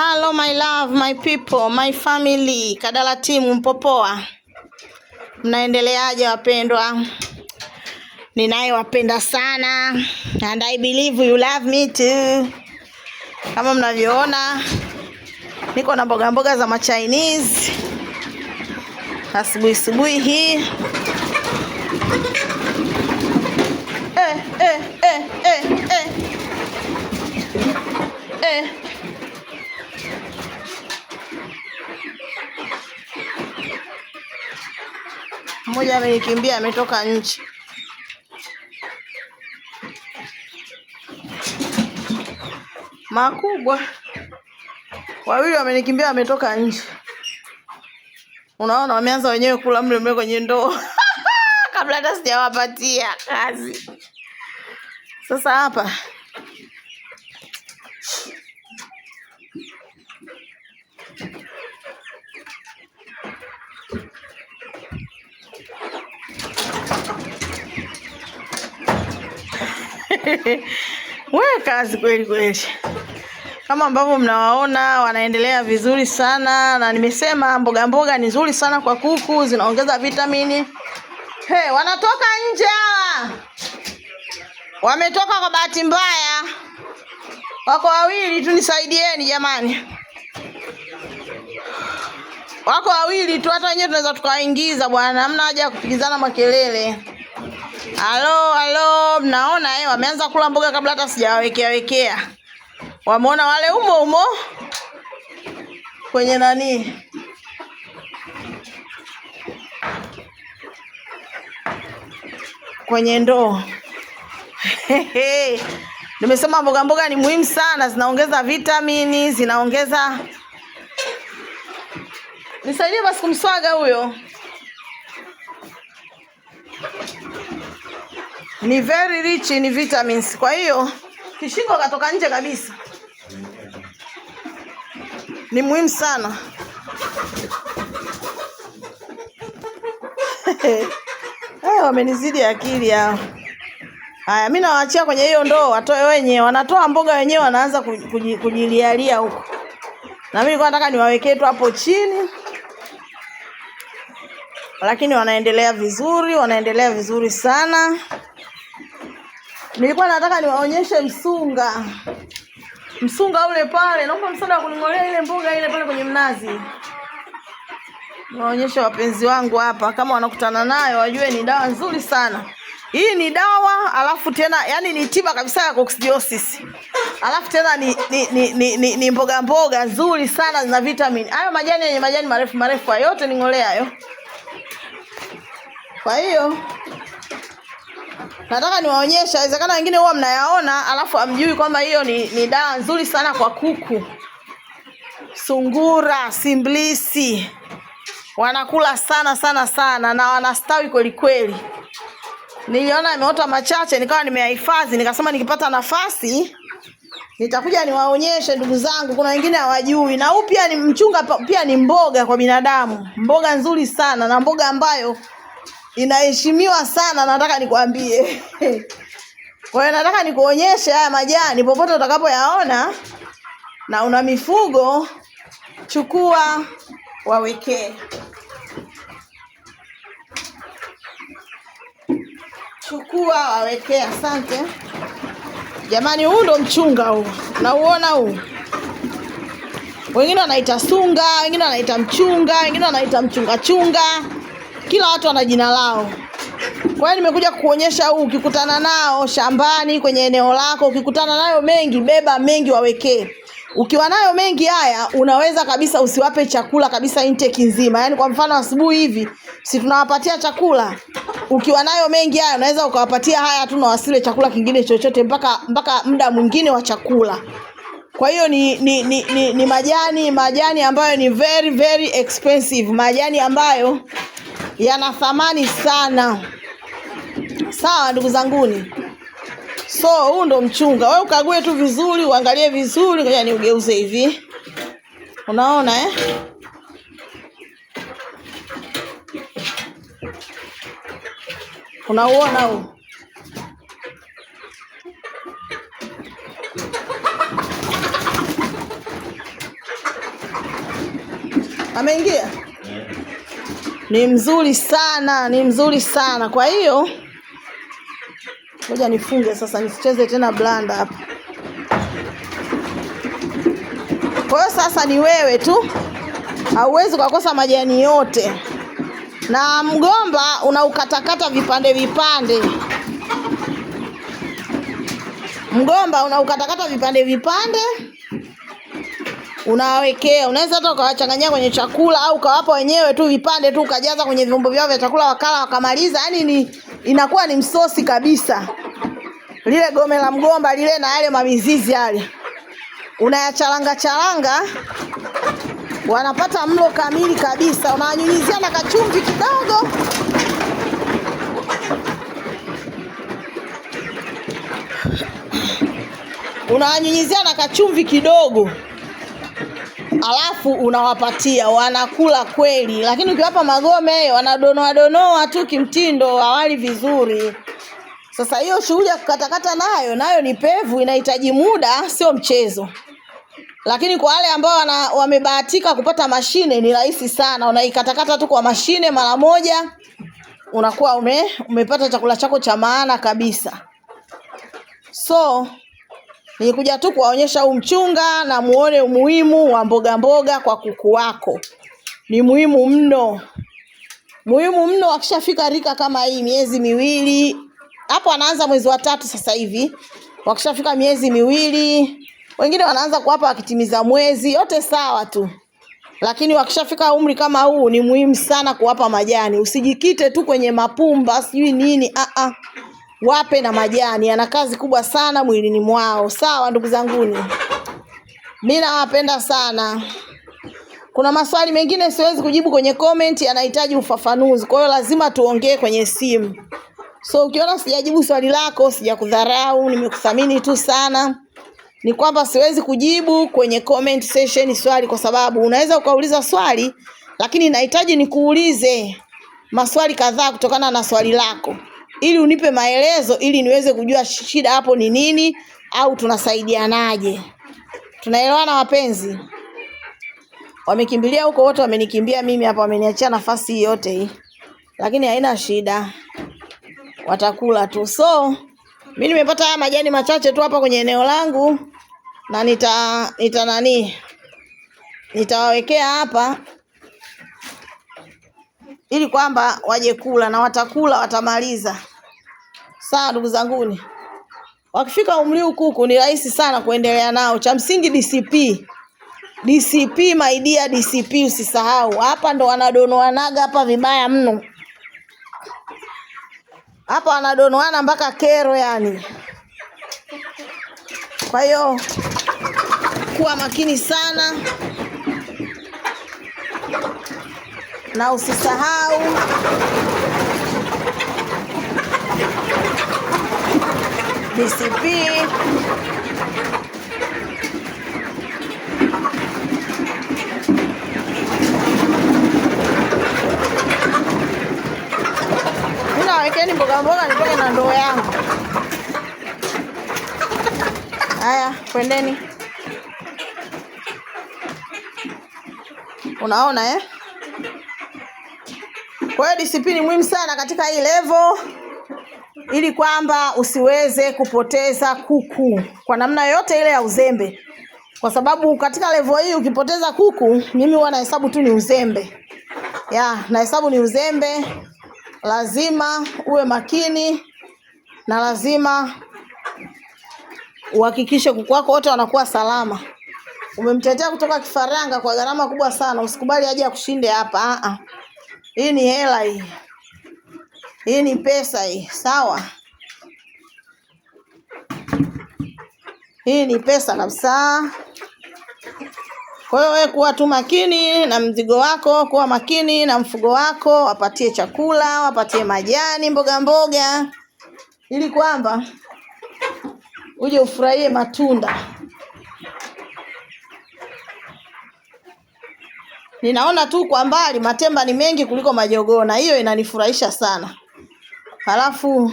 Hello my love, my people, my family, Kadala timu mpopoa, mnaendeleaje wapendwa? Ninayewapenda sana and I believe you love me too. Kama mnavyoona niko na mboga mboga za Chinese. asubuhi asubuhi hii mmoja yaani amenikimbia ametoka nje. Makubwa wawili wamenikimbia wametoka nje. Unaona, wameanza wenyewe kula mle mle kwenye ndoo kabla hata sijawapatia kazi. Sasa hapa We kazi kweli kweli, kama ambavyo mnawaona wanaendelea vizuri sana, na nimesema mboga mboga ni nzuri sana kwa kuku, zinaongeza vitamini. Hey, wanatoka nje hawa, wametoka kwa bahati mbaya, wako wawili tu, nisaidieni jamani wako wawili tu, hata wenyewe tunaweza tukawaingiza bwana, hamna haja ya kupigizana makelele. Halo, halo, mnaona eh, wameanza kula mboga kabla hata sijawawekea wekea. Wameona wale umo umo kwenye nani kwenye ndoo. Nimesema mboga mboga ni muhimu sana, zinaongeza vitamini, zinaongeza Nisaidie basi kumswaga huyo. Ni very rich in vitamins. Kwa hiyo kishingo katoka nje kabisa. Ni muhimu sana. Eh, wamenizidi akili yao. Haya, mimi nawaachia kwenye hiyo ndoo watoe wenyewe. Wanatoa mboga wenyewe wanaanza kujilialia huko. Na mimi nilikuwa nataka niwawekee tu hapo chini lakini wanaendelea vizuri, wanaendelea vizuri sana. Nilikuwa nataka niwaonyeshe msunga, msunga ule pale. Naomba msaada wa kuning'olea ile mboga ile pale kwenye mnazi, niwaonyeshe wapenzi wangu hapa, kama wanakutana nayo wajue ni dawa nzuri sana. Hii ni dawa alafu tena yani ni tiba kabisa ya coccidiosis. Alafu tena ni ni, ni, ni, ni, ni mboga mboga nzuri sana zina vitamini. Hayo majani yenye majani marefu marefu hayo yote ning'olea hayo. Kwa hiyo nataka niwaonyeshe, inawezekana wengine huwa mnayaona alafu hamjui kwamba hiyo ni, ni dawa nzuri sana kwa kuku, sungura, simblisi wanakula sana sana sana na wanastawi kweli kweli. Niliona imeota machache nikawa nimeyahifadhi, nikasema nikipata nafasi nitakuja niwaonyeshe ndugu zangu, kuna wengine hawajui. Na huu pia ni mchunga, pia ni mboga kwa binadamu, mboga nzuri sana na mboga ambayo inaheshimiwa sana, nataka nikwambie. Kwa hiyo nataka nikuonyeshe haya majani popote utakapoyaona, na una mifugo, chukua wawekee, chukua wawekee. Asante jamani, huu ndo mchunga huu, nauona huu wengine wanaita sunga, wengine wanaita mchunga, wengine wanaita mchungachunga kila watu wana jina lao. Kwa hiyo nimekuja kukuonyesha huu, ukikutana nao shambani, kwenye eneo lako, ukikutana nayo mengi, beba mengi, wawekee. Ukiwa nayo mengi haya, unaweza kabisa usiwape chakula kabisa intake nzima. Yaani kwa mfano asubuhi hivi, si tunawapatia chakula. Ukiwa nayo mengi haya, unaweza ukawapatia haya tu na wasile chakula kingine chochote mpaka mpaka muda mwingine wa chakula. Kwa hiyo ni ni, ni ni ni majani majani ambayo ni very very expensive, majani ambayo yana thamani sana. Sawa ndugu zanguni, so huu ndo mchunga. Wewe ukague tu vizuri, uangalie vizuri. Ngoja niugeuze hivi, unaona eh? Unauona huu? Ameingia ni mzuri sana, ni mzuri sana. Kwa hiyo ngoja nifunge sasa, nisicheze tena blanda hapa. Kwa hiyo sasa ni wewe tu, hauwezi ukakosa majani yote, na mgomba unaukatakata vipande vipande, mgomba unaukatakata vipande vipande unawawekea. Unaweza hata ukawachanganyia kwenye chakula au ukawapa wenyewe tu vipande tu ukajaza kwenye vyombo vyao vya chakula wakala wakamaliza. Yaani ni inakuwa ni msosi kabisa. Lile gome la mgomba lile na yale mamizizi yale unayachalanga charanga, wanapata mlo kamili kabisa. Unawanyunyizia na kachumvi kidogo unawanyunyizia na kachumvi kidogo alafu unawapatia wanakula kweli, lakini ukiwapa magome wanadonoa donoa tu kimtindo, hawali vizuri. Sasa hiyo shughuli ya kukatakata nayo nayo ni pevu, inahitaji muda, sio mchezo. Lakini kwa wale ambao wamebahatika kupata mashine ni rahisi sana, unaikatakata tu kwa mashine mara moja, unakuwa ume, umepata chakula chako cha maana kabisa so Nilikuja tu kuwaonyesha umchunga na muone umuhimu wa mboga mboga kwa kuku wako, ni muhimu mno, muhimu mno. Wakishafika rika kama hii, miezi miwili hapo, anaanza mwezi wa tatu sasa hivi. Wakishafika miezi miwili, wengine wanaanza kuwapa wakitimiza mwezi, yote sawa tu, lakini wakishafika umri kama huu, ni muhimu sana kuwapa majani. Usijikite tu kwenye mapumba sijui nini, ah ah wape na majani, yana kazi kubwa sana mwilini mwao. Sawa ndugu zanguni, mi nawapenda sana. Kuna maswali mengine siwezi kujibu kwenye comment, yanahitaji ufafanuzi, kwa hiyo lazima tuongee kwenye simu. So ukiona sijajibu swali lako, sijakudharau, nimekuthamini tu sana. Ni kwamba siwezi kujibu kwenye comment session swali, kwa sababu unaweza ukauliza swali, lakini nahitaji nikuulize maswali kadhaa kutokana na swali lako ili unipe maelezo ili niweze kujua shida hapo ni nini au tunasaidianaje. Tunaelewana wapenzi? Wamekimbilia huko wote, wamenikimbia mimi hapa, wameniachia nafasi hii yote hii, lakini haina shida, watakula tu. So mimi nimepata haya majani machache tu hapa kwenye eneo langu, na nita nita nani nitawawekea hapa ili kwamba waje kula na watakula, watamaliza. Sawa ndugu zanguni, wakifika umri huu kuku ni rahisi sana kuendelea nao. Cha msingi DCP, DCP my dear, DCP usisahau. Hapa ndo wanadonoanaga hapa vibaya mno, hapa wanadonoana mpaka kero yani. Kwa hiyo kuwa makini sana. na usisahau DCP inawekeni mboga mboga, nitoke na ndoo yangu. Haya, kwendeni. Unaona eh? Kwa hiyo disipline muhimu sana katika hii level ili kwamba usiweze kupoteza kuku kwa namna yoyote ile ya uzembe, kwa sababu katika level hii ukipoteza kuku, mimi huwa nahesabu tu ni uzembe ya nahesabu ni uzembe. Lazima uwe makini na lazima uhakikishe kuku wako wote wanakuwa salama. Umemtetea kutoka kifaranga kwa gharama kubwa sana, usikubali aje akushinde hapa. Ah, ah. Hii ni hela hii, hii ni pesa hii, sawa. Hii ni pesa kabisa. Kwa hiyo wewe kuwa tu makini na mzigo wako, kuwa makini na mfugo wako, wapatie chakula, wapatie majani, mboga mboga, ili kwamba uje ufurahie matunda. Ninaona tu kwa mbali matemba ni mengi kuliko majogoo, na hiyo inanifurahisha sana. Halafu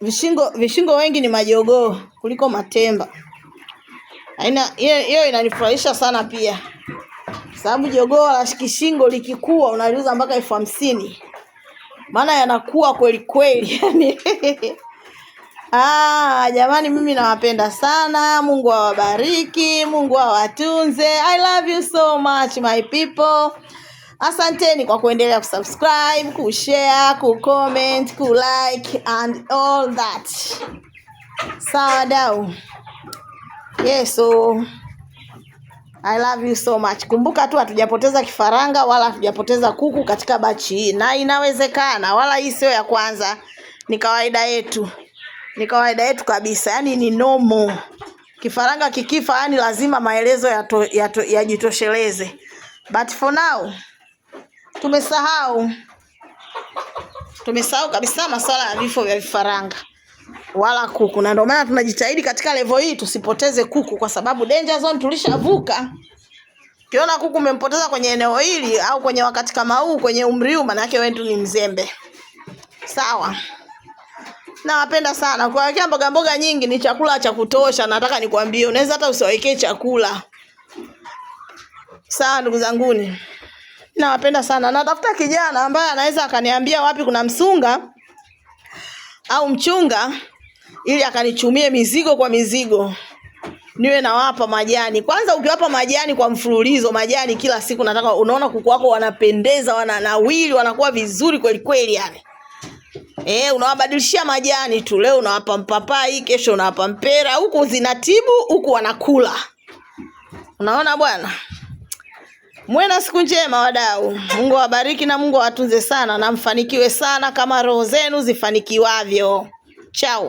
vishingo vishingo wengi ni majogoo kuliko matemba. Aina hiyo hiyo inanifurahisha sana pia, sababu jogoo la kishingo likikua unaliuza mpaka elfu hamsini maana yanakuwa kweli kweli yani Ah, jamani mimi nawapenda sana. Mungu awabariki, Mungu awatunze. I love you so much my people. Asanteni kwa kuendelea kusubscribe, kushare, kucomment, kulike and all that. Sawa dau. Yes, so I love you so much. Kumbuka tu hatujapoteza kifaranga wala hatujapoteza kuku katika bachi hii, na inawezekana, wala hii sio ya kwanza, ni kawaida yetu ni kawaida yetu kabisa, yani ni nomo. Kifaranga kikifa, yani lazima maelezo yajitosheleze ya ya but for now tumesahau tumesahau kabisa masuala ya vifo vya vifaranga wala kuku, na ndio maana tunajitahidi katika levo hii tusipoteze kuku, kwa sababu danger zone tulishavuka. Ukiona kuku umempoteza kwenye eneo hili au kwenye wakati kama huu, kwenye umri huu, maana yake wewe ni mzembe. Sawa nawapenda sana. Kuwawekea mboga mboga nyingi ni chakula cha kutosha. Nataka nikwambie, unaweza hata usiwawekee chakula. Sawa ndugu zanguni, nawapenda sana. Natafuta kijana ambaye anaweza akaniambia wapi kuna msunga au mchunga, ili akanichumie mizigo kwa mizigo, niwe nawapa majani. Kwanza ukiwapa majani kwa mfululizo, majani kila siku, nataka unaona kuku wako wanapendeza, wananawili, wanakuwa vizuri kweli kweli yani. E, unawabadilishia majani tu, leo unawapa mpapai, kesho unawapa mpera, huku zinatibu, huku wanakula. Unaona bwana, mwe na siku njema wadau. Mungu awabariki na Mungu awatunze sana na mfanikiwe sana kama roho zenu zifanikiwavyo. Chao.